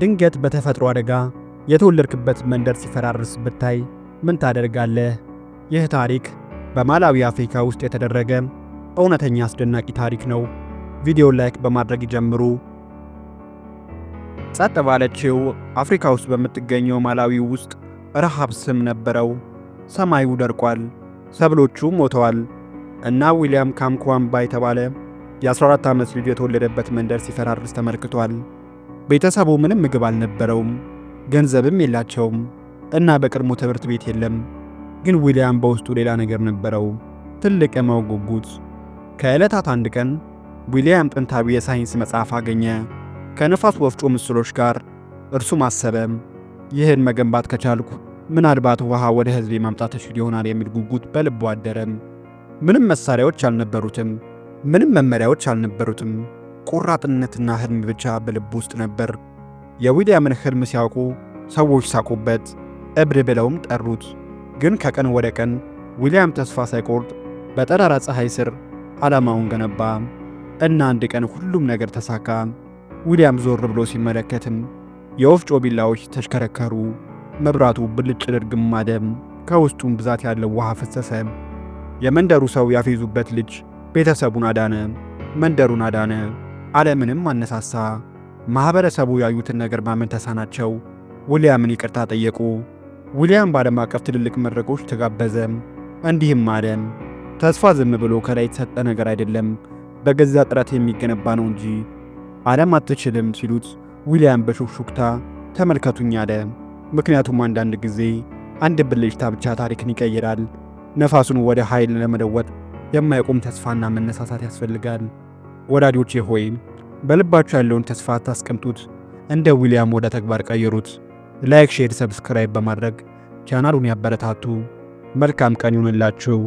ድንገት በተፈጥሮ አደጋ የተወለድክበት መንደር ሲፈራርስ ብታይ ምን ታደርጋለህ? ይህ ታሪክ በማላዊ አፍሪካ ውስጥ የተደረገ እውነተኛ አስደናቂ ታሪክ ነው። ቪዲዮ ላይክ በማድረግ ይጀምሩ። ጸጥ ባለችው አፍሪካ ውስጥ በምትገኘው ማላዊ ውስጥ ረሃብ ስም ነበረው። ሰማዩ ደርቋል፣ ሰብሎቹ ሞተዋል እና ዊሊያም ካምኳምባ የተባለ የ14 ዓመት ልጅ የተወለደበት መንደር ሲፈራርስ ተመልክቷል። ቤተሰቡ ምንም ምግብ አልነበረውም፣ ገንዘብም የላቸውም እና በቀድሞ ትምህርት ቤት የለም። ግን ዊልያም በውስጡ ሌላ ነገር ነበረው፣ ትልቅ የማወቅ ጉጉት። ከዕለታት አንድ ቀን ዊልያም ጥንታዊ የሳይንስ መጽሐፍ አገኘ ከነፋስ ወፍጮ ምስሎች ጋር። እርሱም አሰበም ይህን መገንባት ከቻልኩ ምናልባት ውሃ ወደ ህዝብ ማምጣት እችል ይሆናል የሚል ጉጉት በልቡ አደረም። ምንም መሳሪያዎች አልነበሩትም፣ ምንም መመሪያዎች አልነበሩትም። ቆራጥነትና ህልም ብቻ በልብ ውስጥ ነበር። የዊልያምን ህልም ሲያውቁ ሰዎች ሳቁበት፣ እብድ ብለውም ጠሩት። ግን ከቀን ወደ ቀን ዊልያም ተስፋ ሳይቆርጥ በጠራራ ፀሐይ ስር ዓላማውን ገነባ እና አንድ ቀን ሁሉም ነገር ተሳካ። ዊልያም ዞር ብሎ ሲመለከትም የወፍጮ ቢላዎች ተሽከረከሩ። መብራቱ ብልጭ ድርግም ማደ። ከውስጡም ብዛት ያለው ውሃ ፈሰሰ። የመንደሩ ሰው ያፌዙበት ልጅ ቤተሰቡን አዳነ፣ መንደሩን አዳነ። አለምንም አነሳሳ። ማኅበረሰቡ ያዩትን ነገር ማመን ተሳናቸው። ዊልያምን ይቅርታ ጠየቁ። ዊልያም በዓለም አቀፍ ትልልቅ መድረኮች ተጋበዘ። እንዲህም አለም ተስፋ ዝም ብሎ ከላይ የተሰጠ ነገር አይደለም፣ በገዛ ጥረት የሚገነባ ነው እንጂ ዓለም አትችልም ሲሉት ዊልያም በሹክሹክታ ተመልከቱኝ አለ። ምክንያቱም አንዳንድ ጊዜ አንድ ብልጭታ ብቻ ታሪክን ይቀይራል። ነፋሱን ወደ ኃይል ለመለወጥ የማይቆም ተስፋና መነሳሳት ያስፈልጋል። ወዳጆቼ ሆይ በልባችሁ ያለውን ተስፋ ታስቀምጡት፣ እንደ ዊሊያም ወደ ተግባር ቀይሩት። ላይክ፣ ሼር፣ ሰብስክራይብ በማድረግ ቻናሉን ያበረታቱ። መልካም ቀን ይሁንላችሁ።